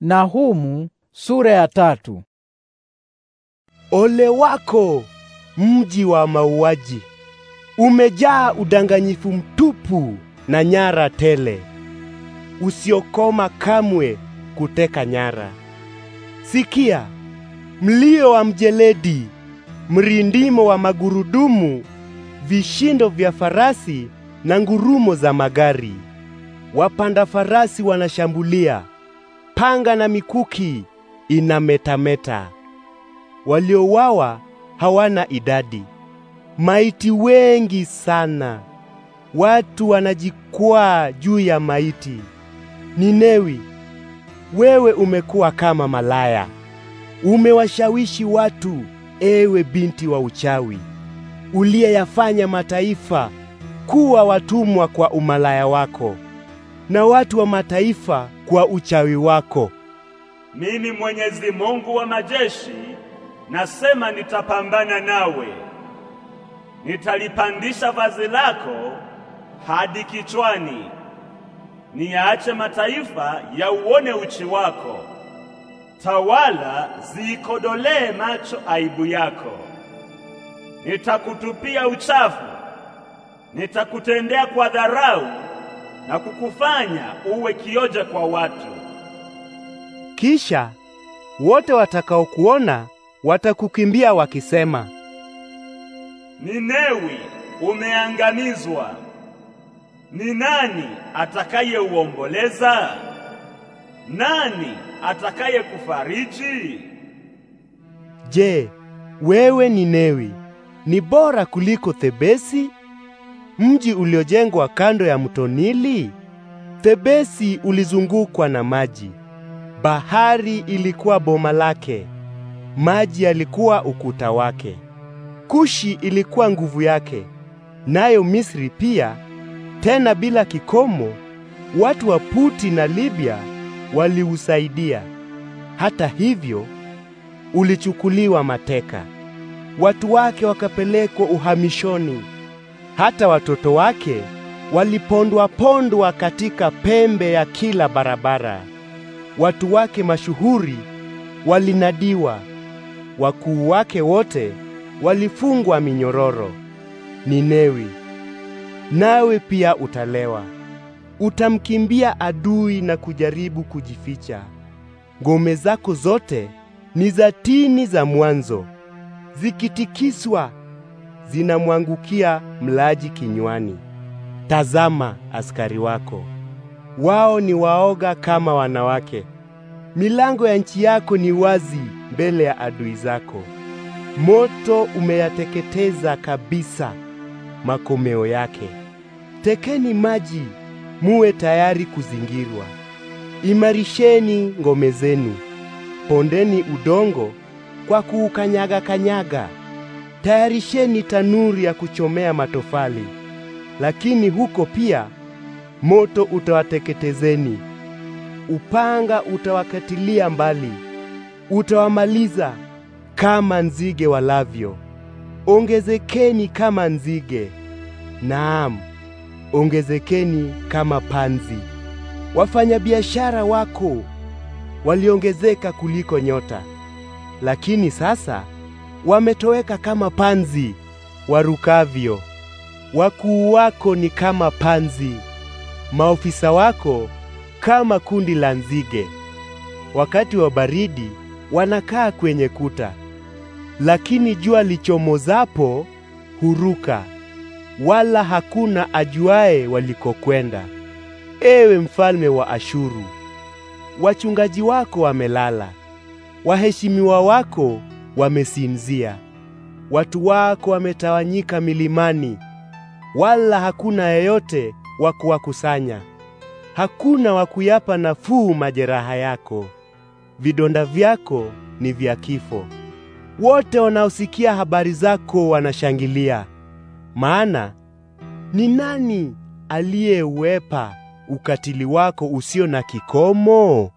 Nahumu sura ya tatu. Ole wako mji wa mauaji, umejaa udanganyifu mtupu na nyara tele, usiokoma kamwe kuteka nyara. Sikia mlio wa mjeledi, mrindimo wa magurudumu, vishindo vya farasi na ngurumo za magari. Wapanda farasi wanashambulia panga na mikuki inametameta. waliowawa hawana idadi, maiti wengi sana. Watu wanajikwaa juu ya maiti. Ninewi, wewe umekuwa kama malaya, umewashawishi watu, ewe binti wa uchawi, uliyeyafanya mataifa kuwa watumwa kwa umalaya wako, na watu wa mataifa kwa uchawi wako. Mimi Mwenyezi Mungu wa majeshi nasema nitapambana nawe. Nitalipandisha vazi lako hadi kichwani. Niyaache mataifa yauone uchi wako. Tawala ziikodolee macho aibu yako. Nitakutupia uchafu. Nitakutendea kwa dharau na kukufanya uwe kioja kwa watu. Kisha wote watakaokuona watakukimbia wakisema, Ninewi umeangamizwa. Ni nani atakayeuomboleza? Nani atakayekufariji? Je, wewe Ninewi ni bora kuliko Thebesi? mji uliojengwa kando ya mto Nili? Thebesi ulizungukwa na maji, bahari ilikuwa boma lake, maji yalikuwa ukuta wake. Kushi ilikuwa nguvu yake, nayo Misri pia, tena bila kikomo. Watu wa Puti na Libya waliusaidia. Hata hivyo, ulichukuliwa mateka, watu wake wakapelekwa uhamishoni hata watoto wake walipondwa-pondwa katika pembe ya kila barabara. Watu wake mashuhuri walinadiwa, wakuu wake wote walifungwa minyororo. Ninewi, nawe pia utalewa, utamkimbia adui na kujaribu kujificha. Ngome zako zote ni za tini za mwanzo, zikitikiswa zinamwangukia mlaji kinywani. Tazama askari wako, wao ni waoga kama wanawake. Milango ya nchi yako ni wazi mbele ya adui zako. Moto umeyateketeza kabisa makomeo yake. Tekeni maji, muwe tayari kuzingirwa. Imarisheni ngome zenu, pondeni udongo kwa kuukanyaga kanyaga tayarisheni tanuri ya kuchomea matofali, lakini huko pia moto utawateketezeni, upanga utawakatilia mbali, utawamaliza kama nzige walavyo. Ongezekeni kama nzige, naam, ongezekeni kama panzi. Wafanyabiashara wako waliongezeka kuliko nyota, lakini sasa wametoweka kama panzi warukavyo. Wakuu wako ni kama panzi, maofisa wako kama kundi la nzige. Wakati wa baridi wanakaa kwenye kuta, lakini jua lichomozapo huruka, wala hakuna ajuaye walikokwenda. Ewe mfalme wa Ashuru, wachungaji wako wamelala, waheshimiwa wako wamesinzia, watu wako wametawanyika milimani, wala hakuna yeyote wa kuwakusanya. Hakuna wa kuyapa nafuu majeraha yako. Vidonda vyako ni vya kifo. Wote wanaosikia habari zako wanashangilia, maana ni nani aliyeuepa ukatili wako usio na kikomo?